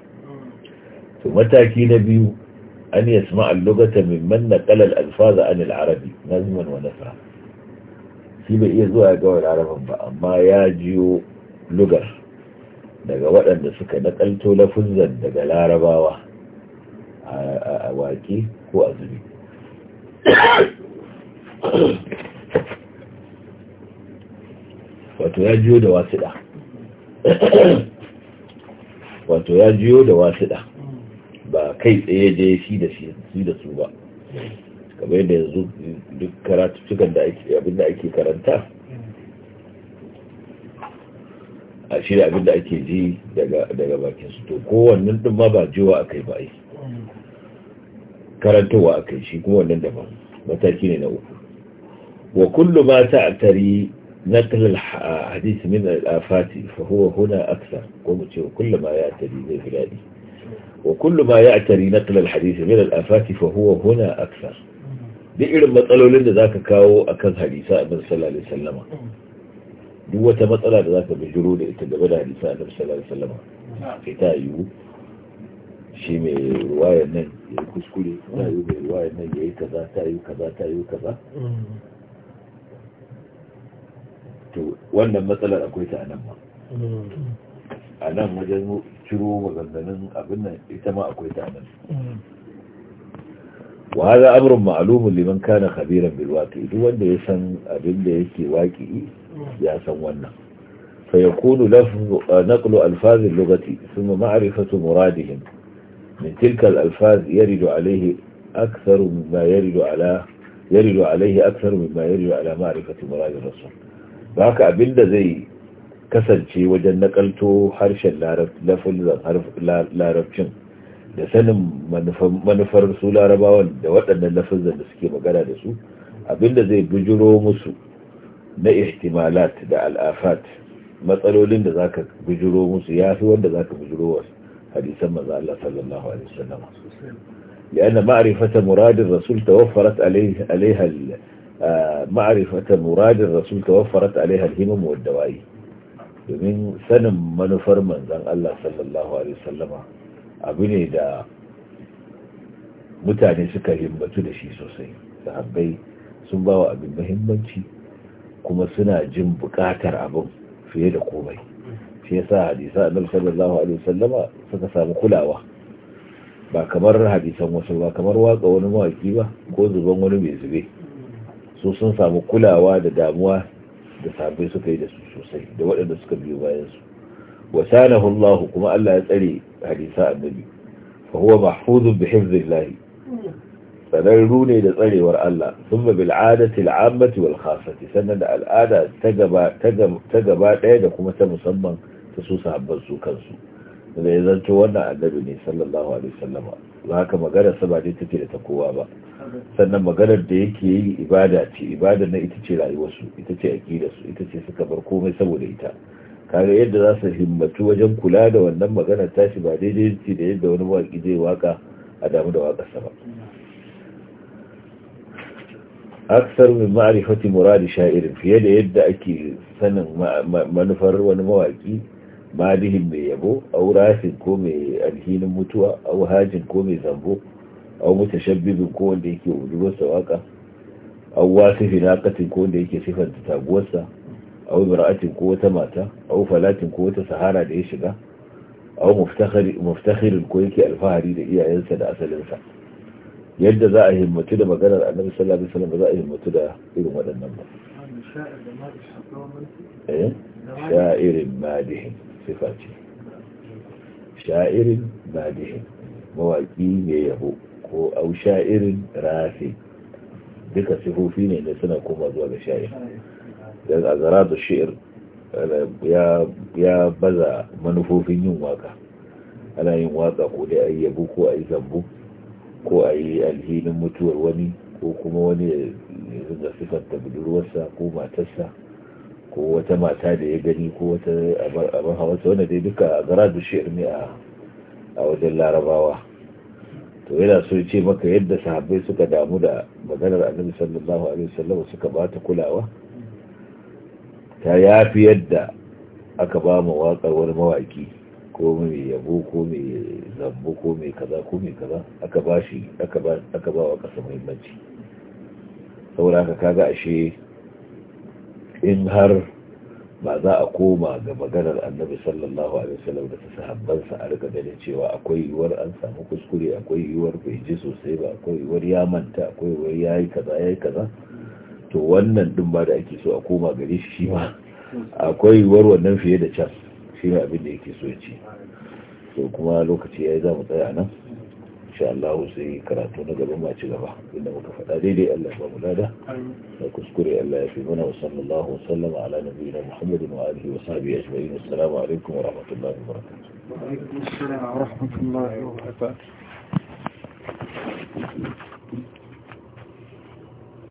Speaker 1: to mataki na biyu أن يسمع اللغة ممن نقل الألفاظ عن العربي نظما ونثرا shi bai iya zuwa ga wani arabin ba amma ya jiyo lugar daga waɗanda suka nakalto lafuzan daga larabawa a waƙi ko a zubi wato ya jiyo da wasiɗa wato ya jiyo da wasiɗa ba kai tsaye je shi da shi da su ba kamar yadda yanzu duk karatuttukan da ake abinda ake karanta a shi da abinda ake ji daga bakin su to kowannen din ma ba jiwa a kai ba ai karantowa a kai shi da ba mataki ne na uku wa kullu ma ta'tari نقل الحديث من الآفات فهو هنا أكثر ya tari zai fi daɗi. وكل ما يعتري نقل الحديث من الآفات فهو هنا أكثر duk irin matsalolin da zaka kawo akan hadisa annabi sallallahu alaihi wasallam duk wata matsala da zaka bijiro da ita da hadisa annabi sallallahu alaihi wasallam sai ta yiwu shi mai nan ya kuskure ta yiwu mai ruwayar nan kaza ta kaza ta kaza to wannan matsalar akwai ta a ma a nan wajen ciro maganganun abin nan ita ma akwai ta nan wa hada amrun ma'lumun liman kana khabiran bil waqi duk wanda ya san abin da yake waqi ya san wannan fa yakunu lafzu naqlu alfaz al-lughati thumma ma'rifatu muradihim min tilka alfaz yaridu alayhi akthar mimma yaridu ala yaridu alayhi akthar mimma yaridu ala ma'rifati murad ar-rasul haka abinda zai kasance wajen nakalto harshen larabcin da sanin manufar su larabawan da waɗannan lafazan da suke magana da su abinda zai bujiro musu na ihtimalat da al'afat matsalolin da zaka bujiro musu ya fi wanda zaka bujiro wa hadisan maza Allah sallallahu alaihi wasallam لأن معرفة مراد الرسول توفرت عليه عليها معرفة مراد الرسول توفرت عليها الهمم والدوائي domin sanin manufar manzan Allah sallallahu Alaihi wasallama abu ne da mutane suka himbatu da shi sosai sahabbai sun bawa abin mahimmanci kuma suna jin bukatar abin fiye da komai shi yasa hadisa annal sallallahu alaihi wasallama suka samu kulawa ba kamar hadisan wasu ba kamar waka wani mawaki ba ko zuban wani mai zube su sun samu kulawa da damuwa da sabai suka yi da su sosai da waɗanda suka biyo bayan su wasanahu Allah kuma Allah ya tsare hadisa annabi fa huwa mahfuzun bi hifzillahi sanarru ne da tsarewar Allah sun ba bil'adati al'ammati wal khasati sannan da al'ada ta gaba ɗaya da kuma ta musamman ta su sahabban su kansu da ya zanto wannan annabi ne sallallahu alaihi sallama ba haka magana sa ba dai take da ta kowa ba sannan maganar da yake yi ibada ce ibada na ita ce rayuwarsu ita ce su ita ce suka bar komai saboda ita kaga yadda za su himmatu wajen kula da wannan magana tashi ba daidai ce da yadda wani waƙi zai waka a damu da waƙa sama ba aksar min ma'arifati muradi sha'irin fiye da yadda ake sanin manufar wani mawaƙi. malihin mai yabo au wurafin ko mai alhinin mutuwa au hajin ko mai zambo au bibin ko wanda yake udurarsa waka au wasifin hakatin ko wanda yake sifanta taguwarsa au ibra'atin ko wata mata au falatin ko wata sahara da ya shiga au muftakhirin ko yake alfahari da iyayensa da asalinsa yadda za a himmatu da maganar annabi sallallahu alaihi wasallam ba za a himmatu da irin waɗannan ba
Speaker 2: eh? sha'irin
Speaker 1: madihin sifa ce sha'irin madihin mawaƙi ne yabo ko au sha'irin rafi duka sifofi ne da suna koma zuwa ga sha'ir don a zara da shi'ir ya baza manufofin yin waka ana yin waka ko dai a yabo ko a yi zambo ko ayi yi alhinin mutuwar wani ko kuma wani ya zanga sifanta budurwarsa ko matarsa ko wata mata da ya gani ko wata abin hawarsa wanda dai duka a gara da shi'ir ne a wajen larabawa to yana so ya ce maka yadda sahabbai suka damu da maganar annabi sallallahu alaihi wasallam suka ba ta kulawa ta yafi yadda aka ba mu waƙar wani mawaƙi ko mai yabo ko mai zambo ko mai kaza ko mai kaza aka ba shi aka ba wa ƙasa muhimmanci saboda haka kaga ashe in har ba za a koma ga maganar annabi sallallahu alaihi wasallam da ta sahabbansa a rika ganin cewa akwai yiwuwar an samu kuskure akwai yiwuwar bai ji sosai ba akwai yiwuwar ya manta akwai yiwuwar ya yi kaza ya yi kaza to wannan din ba da ake so a koma gare shi shi ma akwai yiwuwar wannan fiye da can shi ne abin da yake so ya ce To kuma lokaci ya yi za mu tsaya nan insha Allah sai karatu na gaba ma ci gaba inda muka faɗa daidai Allah ba mu lada da kuskure Allah ya fi mana wa sallallahu wa sallama ala nabiyina Muhammadin wa alihi wa sahbihi ajma'in assalamu alaikum wa rahmatullahi wa barakatuh
Speaker 2: wa alaikum assalam wa rahmatullahi wa barakatuh